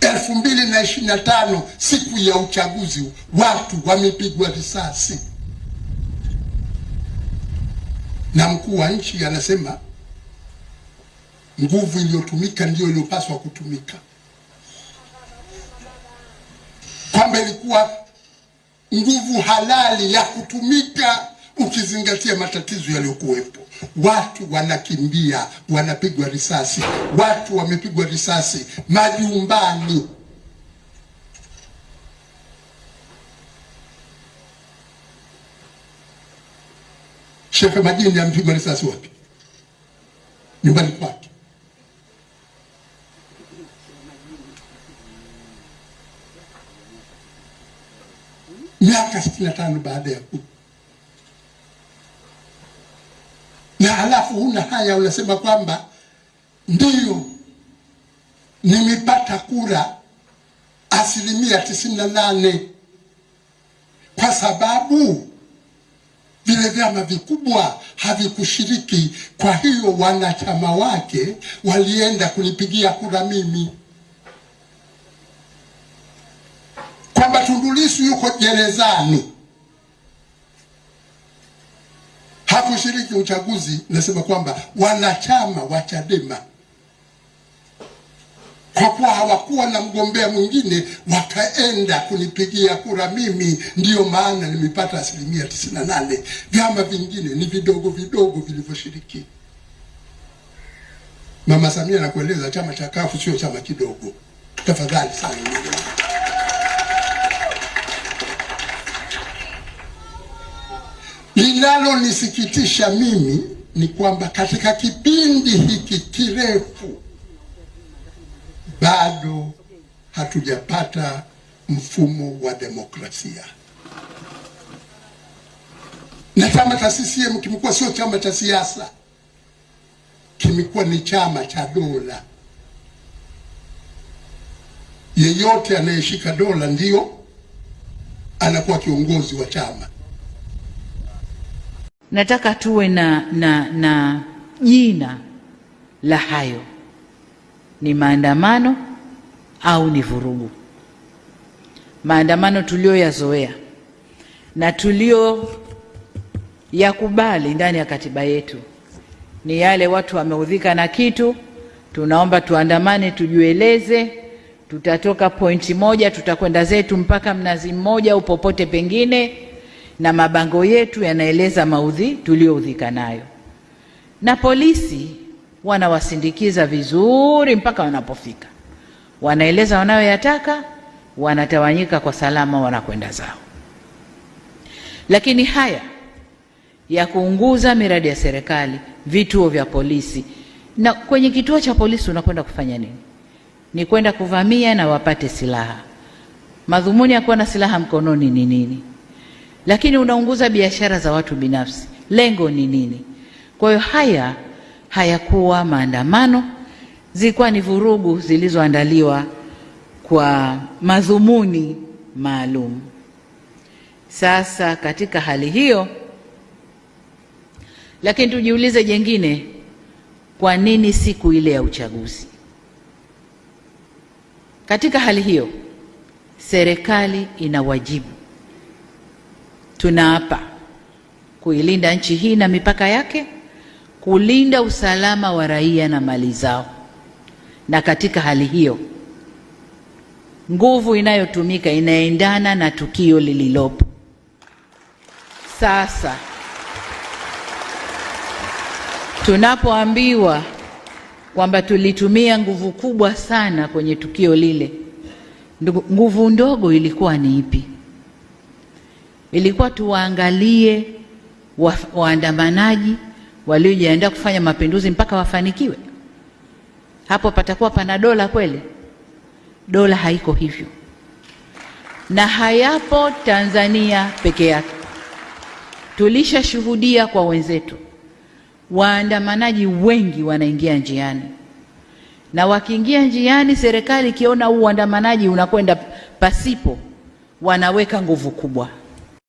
elfu mbili na ishirini na tano siku ya uchaguzi watu wamepigwa risasi, na mkuu wa nchi anasema nguvu iliyotumika ndiyo iliyopaswa kutumika, kwamba ilikuwa nguvu halali ya kutumika ukizingatia matatizo yaliyokuwepo, watu wanakimbia, wanapigwa risasi, watu wamepigwa risasi majumbani. Shefe Majini amepigwa risasi wapi? Nyumbani kwake. Miaka sitini na tano baada ya kutu na halafu huna haya, unasema kwamba ndiyo nimepata kura asilimia tisini na nane kwa sababu vile vyama vikubwa havikushiriki. Kwa hiyo wanachama wake walienda kunipigia kura mimi, kwamba Tundu Lissu yuko gerezani hakushiriki uchaguzi, nasema kwamba wanachama wa Chadema kwa kuwa hawakuwa na mgombea mwingine wakaenda kunipigia kura mimi, ndiyo maana nimepata asilimia tisini nane. Vyama vingine ni vidogo vidogo vilivyoshiriki. Mama Samia anakueleza chama cha kafu sio chama kidogo, tafadhali sana. Linalonisikitisha mimi ni kwamba katika kipindi hiki kirefu bado hatujapata mfumo wa demokrasia, na chama cha CCM kimekuwa sio chama cha siasa, kimekuwa ni chama cha dola. Yeyote anayeshika dola ndiyo anakuwa kiongozi wa chama nataka tuwe na, na, na jina la hayo, ni maandamano au ni vurugu? Maandamano tuliyoyazoea na tuliyoyakubali ndani ya katiba yetu ni yale watu wameudhika na kitu, tunaomba tuandamane, tujieleze, tutatoka pointi moja, tutakwenda zetu mpaka Mnazi Mmoja au popote pengine na mabango yetu yanaeleza maudhi tuliyoudhika nayo, na polisi wanawasindikiza vizuri mpaka wanapofika, wanaeleza wanayoyataka, wanatawanyika kwa salama, wanakwenda zao. Lakini haya ya kuunguza miradi ya serikali, vituo vya polisi, na kwenye kituo cha polisi unakwenda kufanya nini? Ni kwenda kuvamia na wapate silaha. Madhumuni ya kuwa na silaha mkononi ni nini? lakini unaunguza biashara za watu binafsi. Lengo ni nini? Kwa hiyo haya hayakuwa maandamano, zilikuwa ni vurugu zilizoandaliwa kwa madhumuni maalum. Sasa katika hali hiyo, lakini tujiulize jengine, kwa nini siku ile ya uchaguzi? Katika hali hiyo, serikali ina wajibu tunaapa kuilinda nchi hii na mipaka yake, kulinda usalama wa raia na mali zao. Na katika hali hiyo, nguvu inayotumika inaendana na tukio lililopo sasa. Tunapoambiwa kwamba tulitumia nguvu kubwa sana kwenye tukio lile, nguvu ndogo ilikuwa ni ipi? ilikuwa tuwaangalie wa, waandamanaji waliojiandaa kufanya mapinduzi mpaka wafanikiwe. Hapo patakuwa pana dola kweli? Dola haiko hivyo, na hayapo Tanzania peke yake. Tulishashuhudia kwa wenzetu, waandamanaji wengi wanaingia njiani, na wakiingia njiani, serikali ikiona uandamanaji unakwenda pasipo, wanaweka nguvu kubwa.